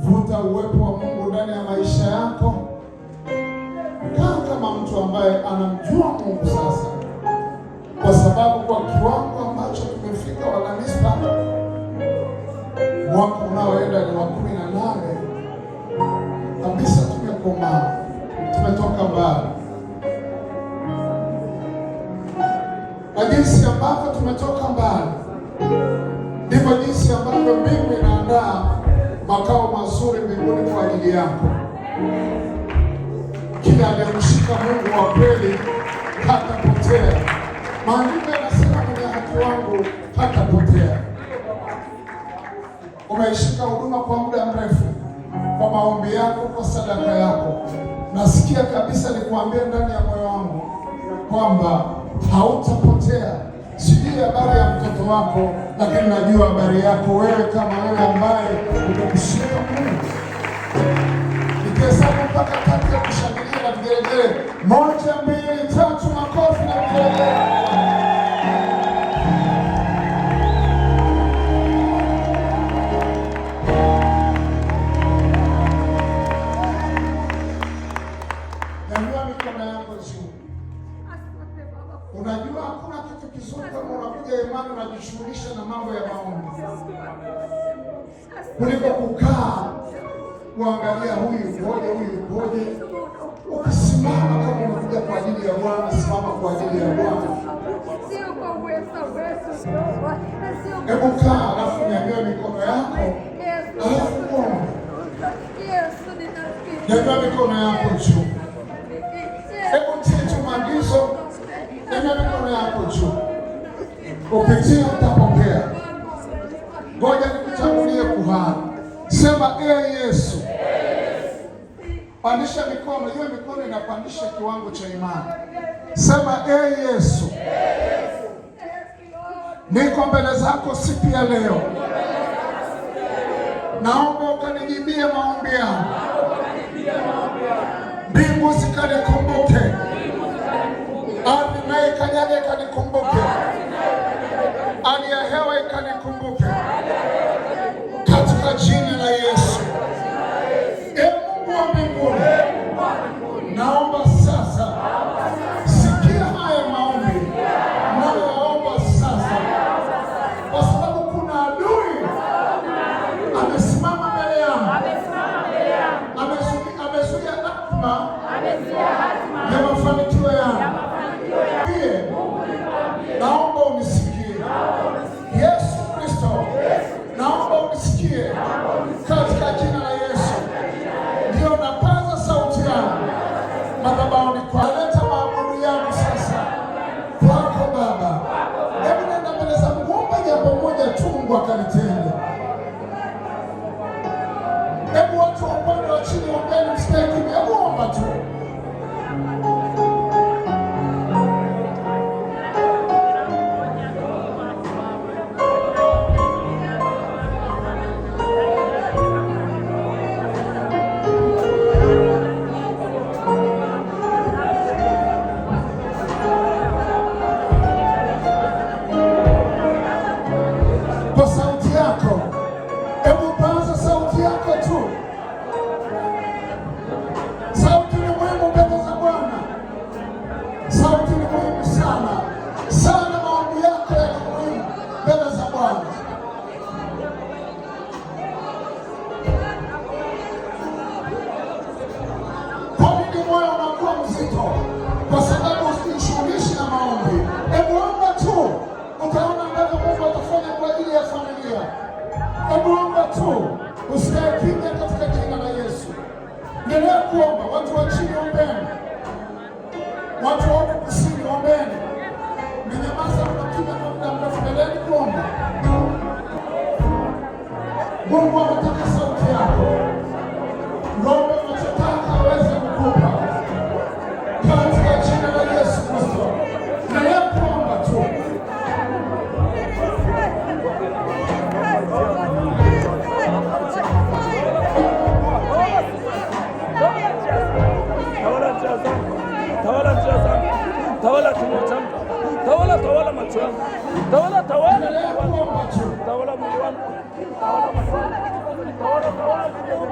Vuta uwepo wa Mungu ndani ya maisha yako. Kaa kama mtu ambaye anamjua Mungu sasa, kwa sababu kwa kiwango ambacho kimefika kanisa mwaka unaoenda ni wa kumi na nane kabisa. Tumekomaa, tumetoka mbali. yako. Kila anayemshika Mungu wa kweli hatapotea. Maandiko yanasema kwenye haki wangu hatapotea. Umeishika huduma kwa muda mrefu, kwa maombi yako, kwa sadaka yako, nasikia kabisa nikuambia ndani ya moyo wangu kwamba hautapotea. Sijui habari ya mtoto wako, lakini najua habari yako wewe, kama wewe ambaye umemshika Mungu nikihesabu mpaka tatu ya kushangilia na vigelegele. Moja, mbili, tatu, makofi na vigelegele. Unajua hakuna kitu kizuri kama unakuja imani unajishughulisha na mambo ya maombi kuliko kukaa kuangalia huyu mmoja huyu mmoja. Ukisimama kama unakuja kwa ajili ya Bwana, simama kwa ajili ya Bwana. Hebu kaa, alafu nyanyua mikono yako, alafu muombe. Nyanyua mikono yako juu, hebu tie tu maagizo. Nyanyua mikono yako juu, upitie kupandisha kiwango cha imani. Sema e Yesu, niko mbele zako siku ya leo, naomba ukanijibie maombi yangu, mbingu zikanikumbuke, ardhi naye ikanyage kanikumbuke naomba unisikie. Yesu Kristo, naomba unisikie katika jina la Yesu. Ndiyo, napaza sauti yangu madhabahuni kwaleta maabudu yangu sasa kwako Baba. Hebu nenda mbele za Mungu, omba jambo moja tu, Mungu akalitenda watu usikae kimya katika jina la Yesu. Endelea kuomba. Watu wa chini ombeni, watu wa huku kusini ombeni. Mmenyamaza mnakimya kwa muda mrefu, endeleni kuomba Mungu anataka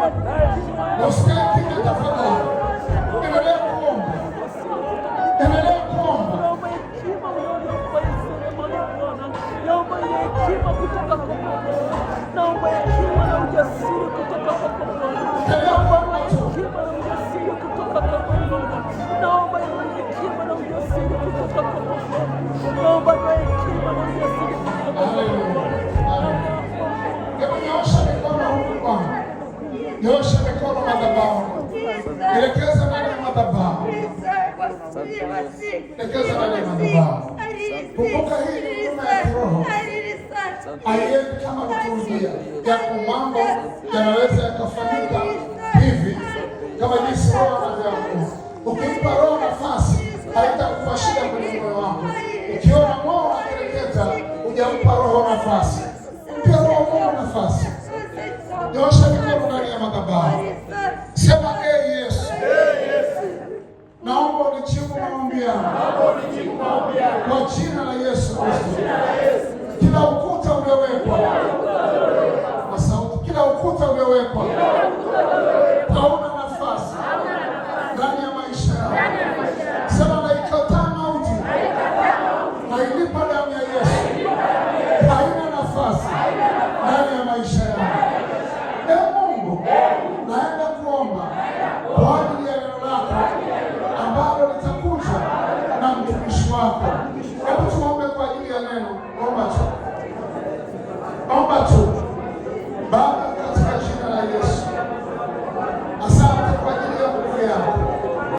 Você queremos é que cada família mikono madhabahu. Elekeza ndani ya madhabahu. Elekeza ndani ya madhabahu. Kumbuka hii ni huduma ya kiroho. Aliyendi kama kutuuzia yako mambo yanaweza yakafanyika hivi kama jinsi Roho anavyoamua. Ukimpa Roho Kila ukuta umewekwa kwa sauti, kila ukuta umewekwa, hauna nafasi ndani ya maisha yao. Sema naikataa mauti, nailipa damu ya Yesu, haina nafasi ndani ya maisha yao. Ee Mungu, naenda kuomba kwa ajili ya neno lako ambalo litakuja na mtumishi wako